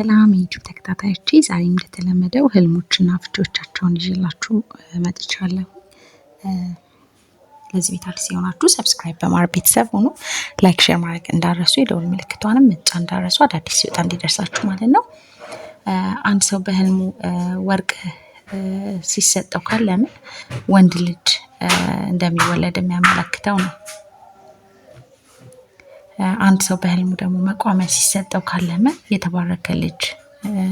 ሰላም የዩቲዩብ ተከታታዮች፣ ዛሬም እንደተለመደው ህልሞችና ፍቺዎቻቸውን ይዤላችሁ መጥቻለሁ። ለዚህ ቤት አዲስ የሆናችሁ ሰብስክራይብ በማድረግ ቤተሰብ ሆኖ ላይክ፣ ሼር ማድረግ እንዳረሱ የደውል ምልክቷንም ምጫ እንዳረሱ አዳዲስ ሲወጣ እንዲደርሳችሁ ማለት ነው። አንድ ሰው በህልሙ ወርቅ ሲሰጠው ካለምን ወንድ ልጅ እንደሚወለድ የሚያመለክተው ነው። አንድ ሰው በህልሙ ደግሞ መቋሚያ ሲሰጠው ካለመ የተባረከ ልጅ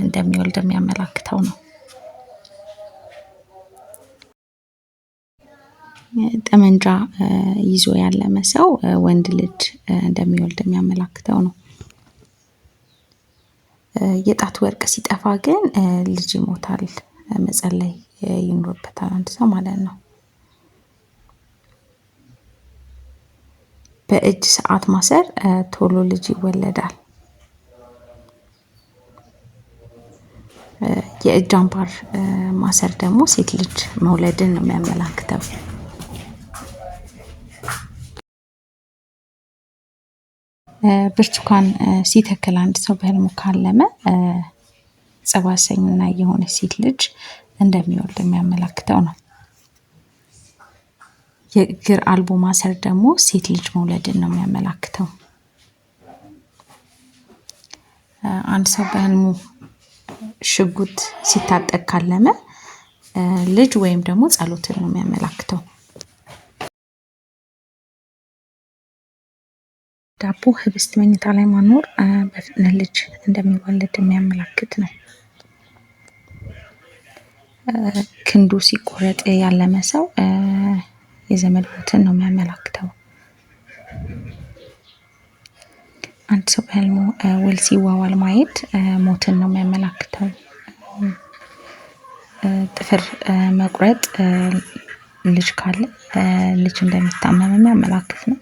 እንደሚወልድ የሚያመላክተው ነው። ጠመንጃ ይዞ ያለመ ሰው ወንድ ልጅ እንደሚወልድ የሚያመላክተው ነው። የጣት ወርቅ ሲጠፋ ግን ልጅ ይሞታል። መጸለይ ይኖርበታል አንድ ሰው ማለት ነው። በእጅ ሰዓት ማሰር ቶሎ ልጅ ይወለዳል። የእጅ አምባር ማሰር ደግሞ ሴት ልጅ መውለድን ነው የሚያመላክተው። ብርቱካን ሲተክል አንድ ሰው በህልሙ ካለመ ጸባሰኝና የሆነ ሴት ልጅ እንደሚወልድ የሚያመላክተው ነው። የእግር አልቦ ማሰር ደግሞ ሴት ልጅ መውለድን ነው የሚያመላክተው። አንድ ሰው በህልሙ ሽጉጥ ሲታጠቅ ካለመ ልጅ ወይም ደግሞ ጸሎትን ነው የሚያመላክተው። ዳቦ ህብስት መኝታ ላይ ማኖር በፍጥነት ልጅ እንደሚወለድ የሚያመላክት ነው። ክንዱ ሲቆረጥ ያለመ ሰው የዘመድ ሞትን ነው የሚያመላክተው። አንድ ሰው በህልሙ ውል ሲዋዋል ማየት ሞትን ነው የሚያመላክተው። ጥፍር መቁረጥ ልጅ ካለ ልጅ እንደሚታመም የሚያመላክት ነው።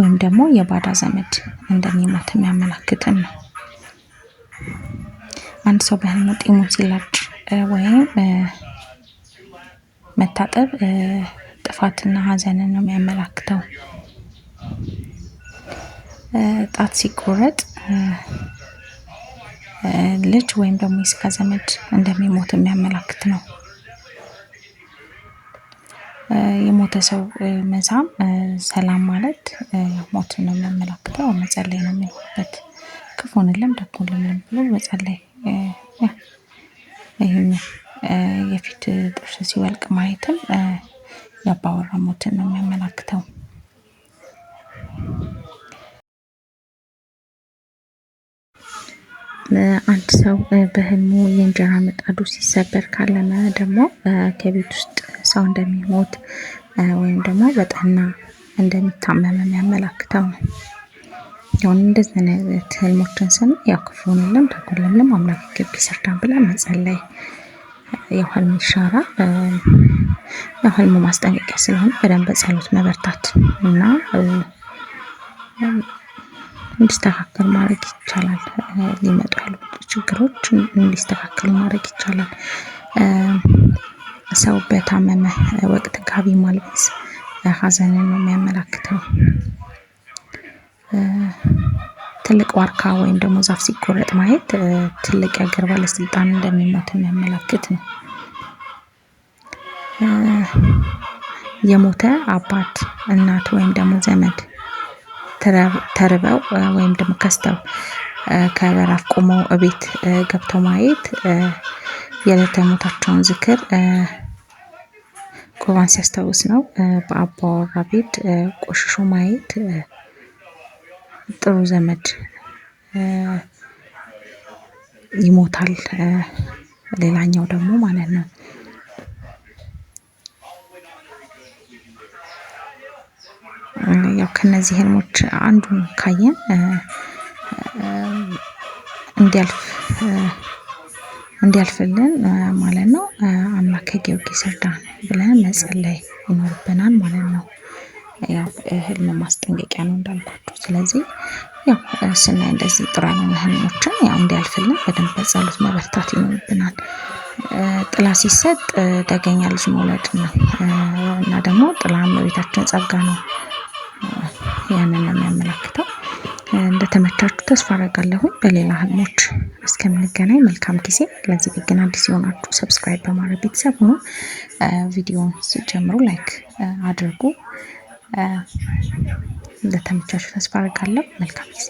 ወይም ደግሞ የባዳ ዘመድ እንደሚሞት የሚያመላክትን ነው። አንድ ሰው በህልሙ ጢሙን ሲላጭ ወይም መታጠብ ክፋትና ሐዘንን ነው የሚያመላክተው። ጣት ሲቆረጥ ልጅ ወይም ደግሞ የስጋ ዘመድ እንደሚሞት የሚያመላክት ነው። የሞተ ሰው መሳም ሰላም ማለት ሞት ነው የሚያመላክተው። መጸለይ ነው የሚሆንበት። ክፉንልም ደጉንም ብሎ መጸለይ ይህ የፊት ጥርስ ሲወልቅ ማየትም የአባወራ ሞትን ነው የሚያመላክተው። አንድ ሰው በህልሙ የእንጀራ ምጣዱ ሲሰበር ካለመ ደግሞ ከቤት ውስጥ ሰው እንደሚሞት ወይም ደግሞ በጠና እንደሚታመመ የሚያመላክተው ነው። አሁን እንደዚህ አይነት ህልሞችን ስን ያው ክፉንንም ደጉልንም አምላክ ግብ ይሰርዳን ብለን መጸለይ ያው ህልም ይሻራል። ያው ማስጠንቀቂያ ስለሆነ በደንብ በጸሎት መበርታት እና እንዲስተካከል ማድረግ ይቻላል። ሊመጡ ያሉ ችግሮች እንዲስተካከሉ ማድረግ ይቻላል። ሰው በታመመ ወቅት ጋቢ ማልበስ ሀዘንን ነው የሚያመላክተው። ትልቅ ዋርካ ወይም ደግሞ ዛፍ ሲቆረጥ ማየት ትልቅ የአገር ባለስልጣን እንደሚሞት የሚያመላክት ነው። የሞተ አባት እናት ወይም ደግሞ ዘመድ ተርበው ወይም ደግሞ ከስተው ከበራፍ ቆመው እቤት ገብተው ማየት የዕለተ ሞታቸውን ዝክር ቁርባን ሲያስታውስ ነው። በአባወራ ቤት ቆሽሾ ማየት ጥሩ ዘመድ ይሞታል። ሌላኛው ደግሞ ማለት ነው ያው ከነዚህ ህልሞች አንዱን ካየን እንዲያልፍ እንዲያልፍልን ማለት ነው። አምላከ ጊዮርጊስ እርዳን ብለን መጸለይ ይኖርብናል ማለት ነው። ያው ህልም ማስጠንቀቂያ ነው እንዳልኳችሁ። ስለዚህ ያው ስናይ እንደዚህ ጥሩ ህልሞችን ያው እንዲያልፍልን በደንብ በጸሎት መበርታት ይኖርብናል። ጥላ ሲሰጥ ደገኛ ልጅ መውለድ ነው እና ደግሞ ጥላ እመቤታችን ጸጋ ነው ያንን ነው የሚያመለክተው። እንደተመቻችሁ ተስፋ አደርጋለሁ። በሌላ ህልሞች እስከምንገናኝ መልካም ጊዜ። ለዚህ ቤት ግን አዲስ የሆናችሁ ሰብስክራይብ በማድረግ ቤተሰብ ሆኖ ቪዲዮን ሲጀምሩ ላይክ አድርጉ። እንደተመቻችሁ ተስፋ አደርጋለሁ። መልካም ጊዜ